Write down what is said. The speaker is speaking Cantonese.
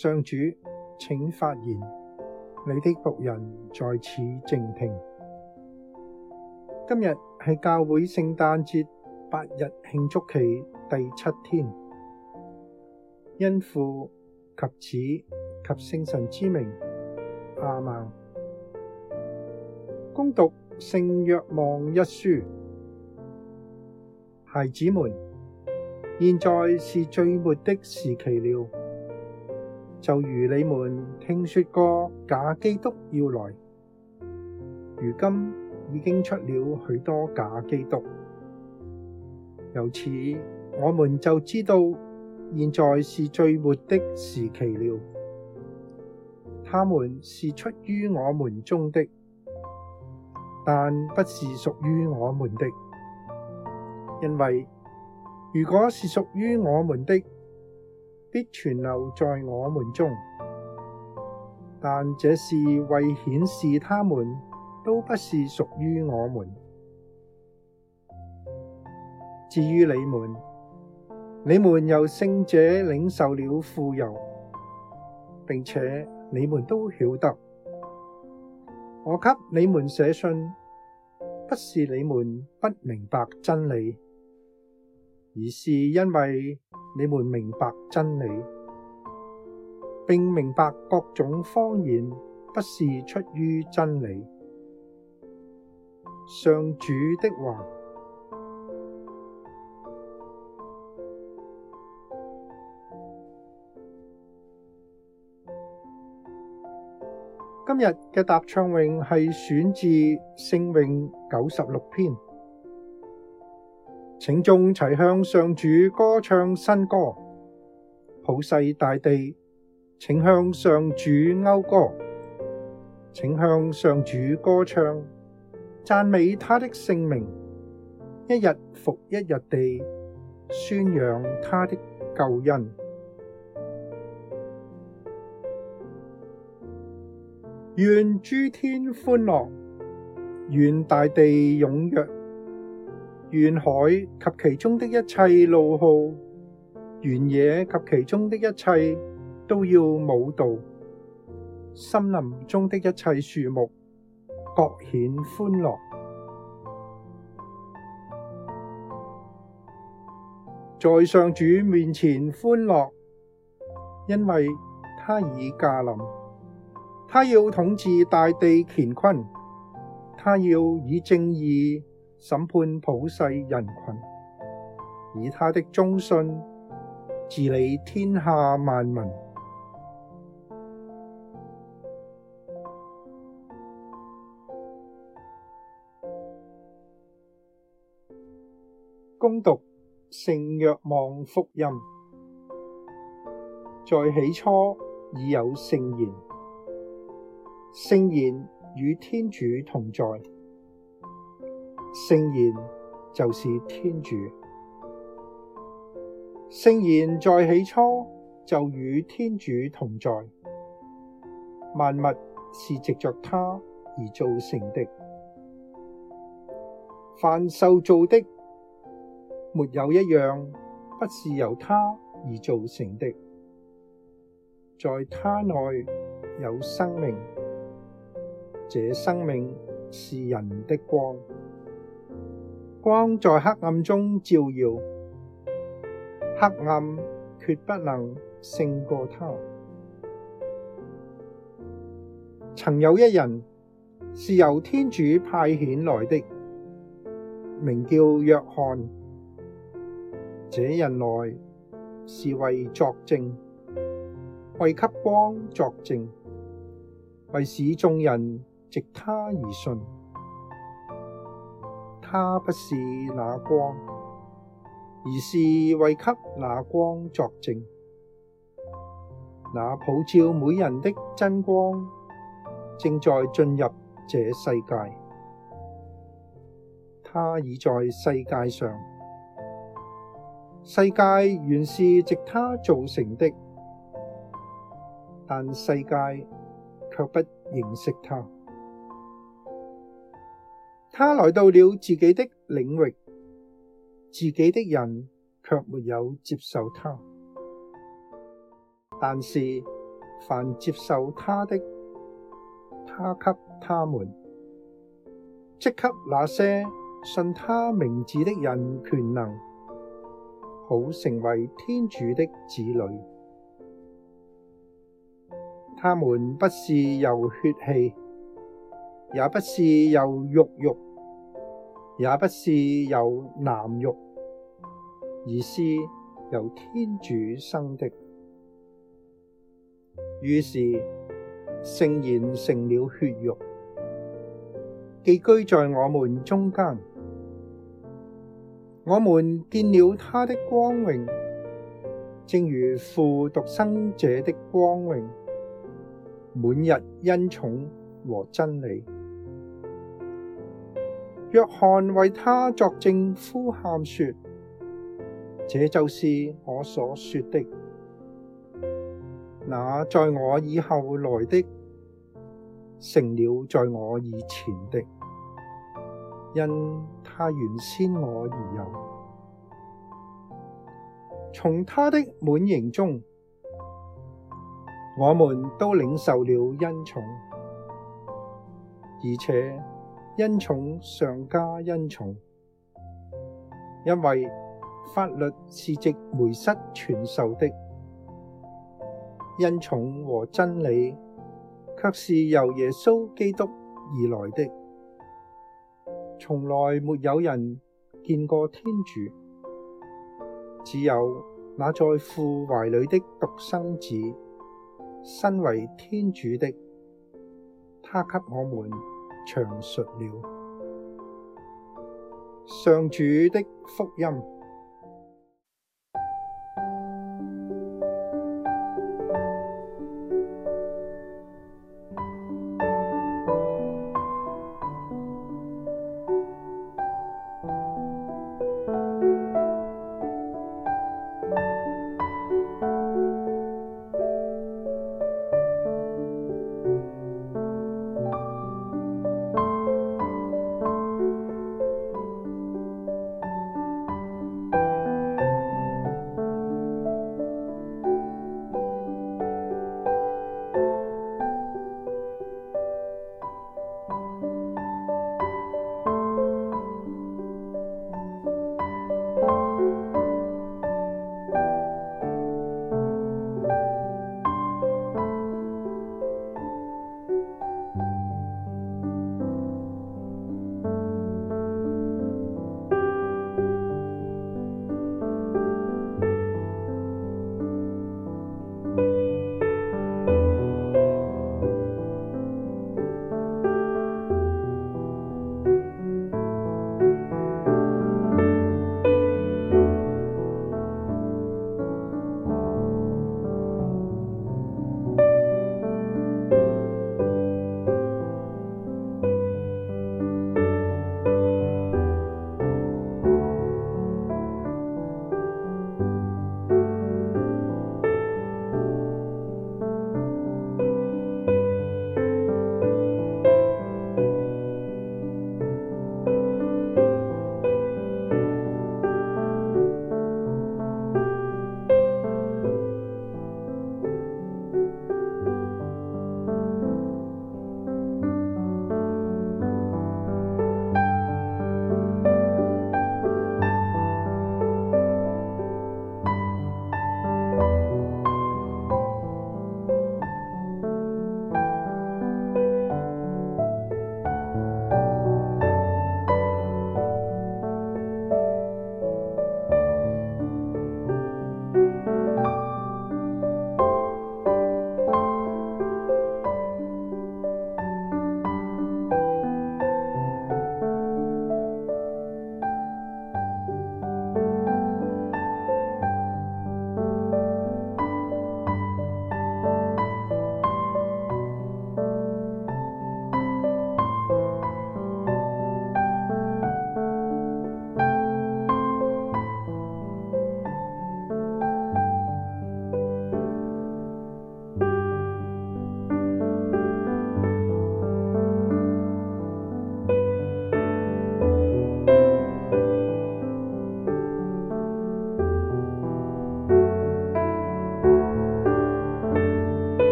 上主，請發言，你的僕人在此靜聽。今日係教會聖誕節八日慶祝期第七天，因父及子及聖神之名，阿們。恭讀《聖若望》一書，孩子們，現在是最末的時期了。就如你們聽說過假基督要來，如今已經出了許多假基督，由此我們就知道現在是最末的時期了。他們是出於我們中的，但不是屬於我們的，因為如果是屬於我們的，必存留在我們中，但這是為顯示他們都不是屬於我們。至於你們，你們由聖者領受了傅油，並且你們都曉得，我給你們寫信，不是你們不明白真理。而是因為你們明白真理，並明白各種謊言不是出於真理。上主的話，今日嘅答唱詠係選自聖詠九十六篇。請眾齊向上主歌唱新歌，普世大地，請向上主謳歌，請向上主歌唱，讚美他的聖名，一日復一日地宣揚他的救恩，願諸天歡樂，願大地踴躍。願海及其中的一切怒號，原野及其中的一切都要舞蹈，森林中的一切樹木各顯歡樂，在上主面前歡樂，因為他已駕臨，他要統治大地乾坤，他要以正義。審判普世人群，以他的忠信治理天下萬民。恭讀聖若望福音，在起初已有聖言，聖言與天主同在。聖言就是天主，聖言在起初就與天主同在，萬物是藉着他而造成的，凡受造的，沒有一樣不是由他而造成的，在他內有生命，這生命是人的光。光在黑暗中照耀，黑暗決不能勝過他。曾有一人，是由天主派遣來的，名叫若翰。這人來，是為作證，為給光作證，為使眾人藉他而信。他不是那光，而是為給那光作證。那普照每人的真光正在進入這世界，他已在世界上。世界原是藉他造成的，但世界卻不認識他。他來到了自己的領域，自己的人卻沒有接受他。但是凡接受他的，他給他們即給那些信他名字的人權能，好成為天主的子女。他們不是由血氣，也不是由肉慾。也不是由男慾，而是由天主生的。於是，聖言成了血肉，寄居在我們中間。我們見了他的光榮，正如父獨生者的光榮，滿溢恩寵和真理。若翰為他作證，呼喊說：這就是我所說的，那在我以後來的，成了在我以前的，因他原先我而有。從他的滿盈中，我們都領受了恩寵，而且，恩寵上加恩寵，因為法律是藉梅瑟傳授的，恩寵和真理卻是由耶穌基督而來的。從來沒有人見過天主，只有那在父懷裡的獨生子，身為天主的，他給我們。詳述了。上主的福音。